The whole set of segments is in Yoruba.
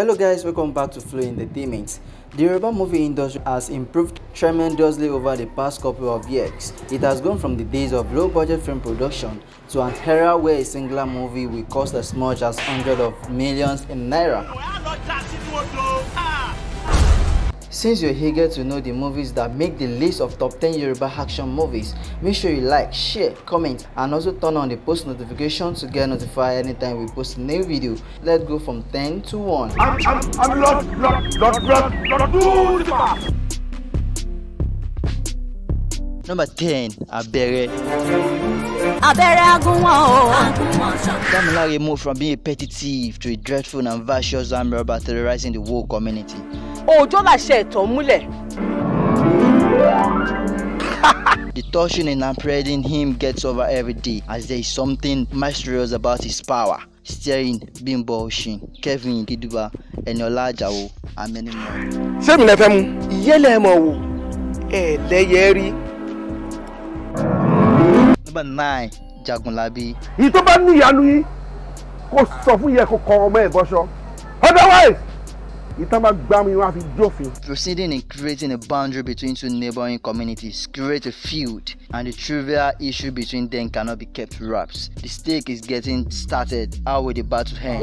Hello guys, welcome back to Flow Entertainment. The Yoruba movie industry has improved tremendously over the past couple of years. It has gone from the days of low-budget film production to an era where a singular movie will cost as much as hundreds of millions in naira. Since you're eager to know the movies that make the list of top 10 Yoruba action movies, make sure you like, share, comment and also turn on the post notification to get notified anytime we post a new video. Let's go from 10 to one i i Number 10, Abere. abẹ́rẹ́ agúnwọ̀n o. moved from being a petty thief to a dreadful and vicious armed robber terrorizing the whole community. òòjọ́ làṣẹ ẹ̀tọ́ múlẹ̀. The torsion and upbraiding him gets over every day as there is something mysterious about his power. Steering, Bimbo Oshin, Kevin Iduba, Eniola Ajawo, and many more. Ṣé mi lẹ fẹ́ mu? Ìyẹ́lẹ̀ mọ̀ wò, ẹ̀ lẹ́yẹ rí. Number nine, Jagunlabi. Ìyí tó bá níyanu yìí, kò sọ fún yẹ kó ọmọ ẹ̀ bọ́ṣọ. Otherwise, Proceeding in creating a boundary between two neighboring communities creates a feud and the trivial issue between them cannot be kept wraps. The stake is getting started. How will the battle end?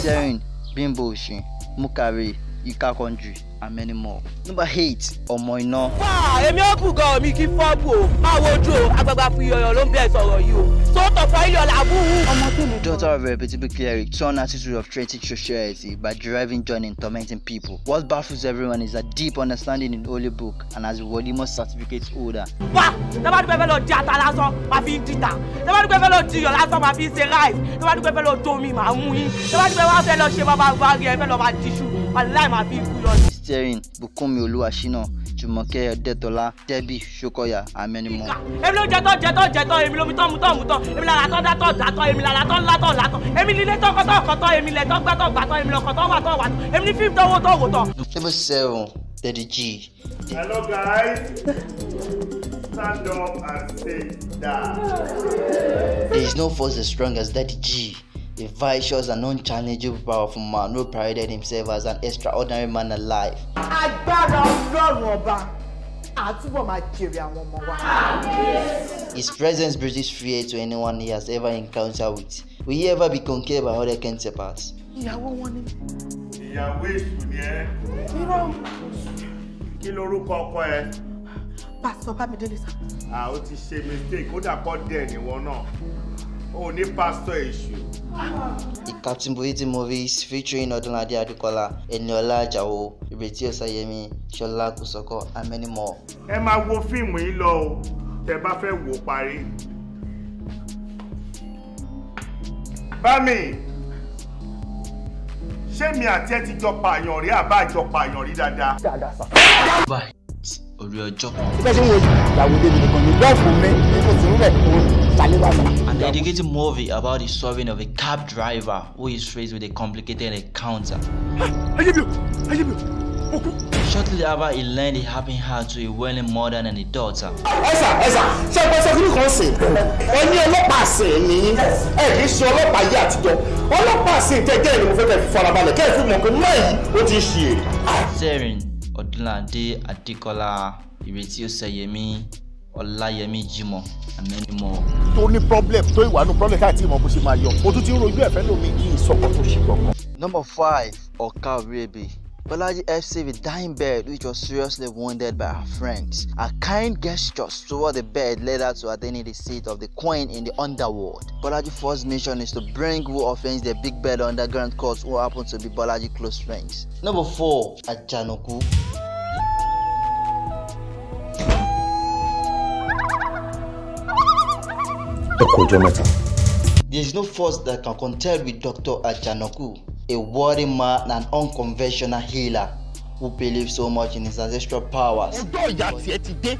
Sharon, Bimbo Shin, Mukari, Ika Country and many more. Number eight, ọmọ iná. Wá èmi ó bù gan mi kí fọ́ọ̀bù o, máa wojú o, agbagba fi yọ̀yọ̀ ló ń bẹ̀ sọ̀rọ̀ yìí o. Sọ́tọ̀ fọ́ iyọ̀ làbúrú. Ọmọ tèmi. Daughter of a reputable cleric, turned attitude of trenching sociality by driving, joy in tormenting people. What baffles everyone is a deep understanding in Holy Book and as a Wòlímọ̀ certificate holder. Wá tẹ́wá dúpẹ́ fẹ́ lọ di ata lásán, màá fi ń dìtà. Tẹ́wá dúpẹ́ fẹ́ lọ di iyọ̀ lásán, màá fi ń ṣe ráìs. Tẹ́wá dúpẹ́ fẹ́ lọ domi, màá mú yín. Tẹ́wá dúpẹ́ wá fẹ́ lọ ṣe bàbá àgbáyé, fẹ́ lọ aláì Bùkúnmi Olúwaṣínà Jùmọ̀kẹ́ Ọdẹ́tọ́lá Dẹ́bì Ṣókọ́yà amẹnumọ. èmi ló jẹtọ jẹtọ jẹtọ èmi lomi tọ́ mu tọ́ mu tọ́ èmi lára tọ́ dátọ̀ dátọ̀ èmi lára tọ́ ńlá tọ́ èmi nílé tọkọtọ kọtọ èmi lẹ tọgbàtọ gbàtọ èmi lọkọ tọ wà èmi ní fíìmù tọwọ tọwọ tọ. level seven Daddy G. hello guys stand up and say that. there is no force as strong as Daddy G a vicious and unchallengeable powerful man who prided himself as an extraordinary man alive. agbára ọlọ́run ọba àtúbọ̀ máa jèrè àwọn ọmọ wa. his presence brings fear to anyone he has ever encountered with will he ever be conquered by other counterparts. ìyàwó wọn ni. ìyàwó èṣù ni ẹ. irọ́. kí lorúkọ ọkọ ẹ. pásítọ̀ bámidélé sá. a ó ti ṣe mistake kódà kọ́ dẹ̀ níwọ̀n náà o ní pásítọ̀ èṣù. ìka tí mo rí tí mo rí featuring ọdúnládé adékọlá Eniola àjàó ìrètí ọ̀sàyẹmí ṣọlá kùsọkọ and many more. ẹ máa wo fíìmù yìí lọ o tẹ bá fẹ́ wò parí. bámi ṣé mi àti ẹ ti jọ pààyàn rí àbá àjọ pààyàn rí dáadáa. dáadáa sà. báyìí orí ọjọ́ ṣe ń wo ìyàwó débi nìkan ni lọ́ọ̀fù mi ní kò sí ń rẹ̀ kúrò. An educated movie about the story of a cab driver who is faced with a complicated encounter. Shortly after, he learned a happy heart to a willing mother and a daughter. Ẹ̀sà ẹ̀sà ṣé ẹgbẹ́ sẹ́kúrú kan sè é? Ẹni ọlọ́pàá sè é nìyí. Ẹ kì í ṣe ọlọ́pàá yìí àtijọ́. Ọlọ́pàá sè é tẹ́jẹ́ ìlú mo fẹ́ kẹ́ fi farabalẹ̀ kẹ́ ẹ̀ fi mọ̀ pé mẹ́yìí ó ti ṣe é. Sẹ́rìn Ọdúnládé Adékọ́lá Ìrètí Ọ̀sẹ̀yẹmí ọláyẹmí jimoh amẹnimọ. tó ní problem tó ìwà nu problem káàtì ìmọ̀ bó ṣe máa yọ o tún ti ń rojú ẹ̀fẹ́ lómi yìí sọ̀kọ̀ tó ṣe gbọ̀ngàn. number five ọ̀ka rebe Bolaji FC with dying bird which was seriously wounded by her friends. A kind gesture toward the bird led her to attaining the seat of the queen in the underworld. Bolaji's first mission is to bring who offends the big bird underground court who happen to be Bolaji's close friends. Number 4. Ajanoku ẹ kò ọjọ́ There is no force that can contend with Dr. Ajanaku, a worthy man and unconventional healer who believes so much in his ancestral powers. Ọjọ́ ìyá tiẹ̀ ti dé.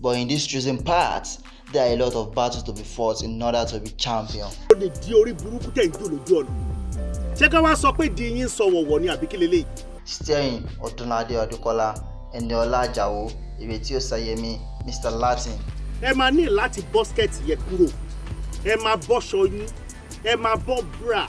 But in this chosen path, there are a lot of battles to be fought in order to be champion. Ó lè di orí burúkú tẹ̀ ń jò lójú ọ̀nà. Ṣé ká wá sọ pé di yín sọ wọ̀wọ̀ ni àbí kí leléyìí? Stein Ọdúnládé Ọdúnkọ́lá Ẹniọlá Àjàó Ìrètí Òsáyẹmí Mr. Latin. ẹ máa ní láti bọ́sikẹ́ẹ̀tì yẹn kúrò ẹ máa bọ́ṣọ yín ẹ máa bọ́ bra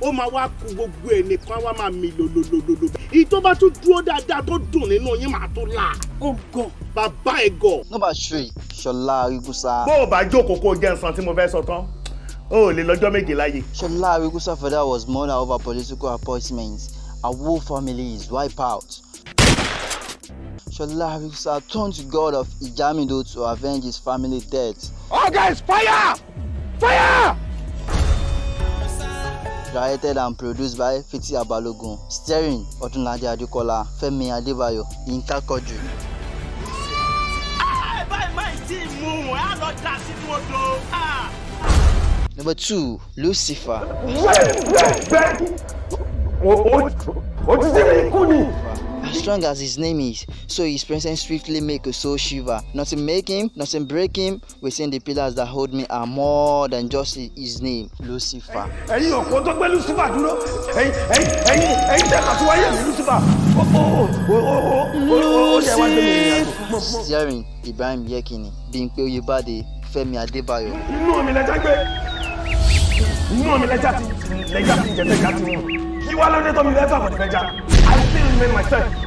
ó máa wá ku gbogbo ẹ̀ nìkan wá máa mi lòlòlòlò èyí tó bá tún dúró dáadáa tó dùn nínú yín máa tó là. ó gọ bàbá ẹ gọ. nọmba three Ṣọlá Arígúsá. bó o bá jókòó kó o jẹ́ nsàn tí mo fẹ́ sọ tán o ò lè lọ́jọ́ méje láyé. Ṣọlá Arígúsá father was mourning over political appointments. Her whole family is wiped out. Shola Sholarisa turned to god of Ijamido to avenge his family death. All guys, fire! Fire! Directed and produced by Fiti Abalogun. Starring Odunlade Adekola, Femi Adebayo, Yinka Kojú. Ah, ah. Number two, Lucifer. Strong as his name is, so his presence swiftly make a soul shiver. Nothing make him, nothing break him. Within the pillars that hold me are more than just his name, Lucifer. Ẹ̀yin òkú tó gbé Lucifer dúró, ẹ̀yin ẹ̀yin ẹ̀yin ẹ̀yin tẹ̀ka tó wáyé mi Lucifer. Lucifer. Steering Ibrahim Yekini, Bímpé Oyèbádé, Fẹ́mi Adébáyọ̀. Inú mi lẹja gbé, inú mi lẹja ti lẹja ti jẹ lẹja ti mú. Kí wá lóde tó mi lẹ́fà wọ̀ ní lẹja? I still remain myself.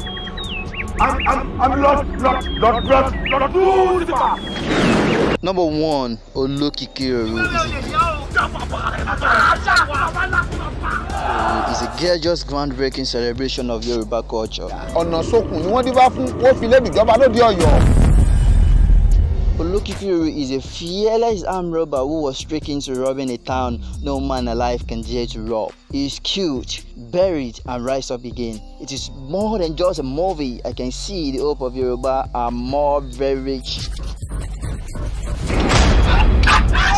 I'm, I'm, I'm Lord, Lord, Lord, Lord, Lord Lucifer. Number one, Olokikiru uh, It's a gorgeous groundbreaking celebration of Yoruba culture. Ọ̀nà sókun ni wọ́n dín bá fún, wọ́n fi lébi ìjọba lóde Ọ̀yọ́. Olukipiru is a fearless armed robber who was tricked into robbing a town no man alive can dare to rob. He is killed, buried, and rise up again. It is more than just a movie. I can see the hope of Yoruba are more very rich.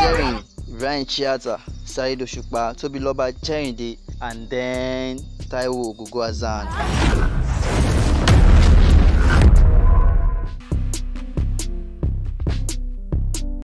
Jerry, Ryan Chiata, Saido Shukba, Toby Loba Cherinde, and then Taiwo Guguazan.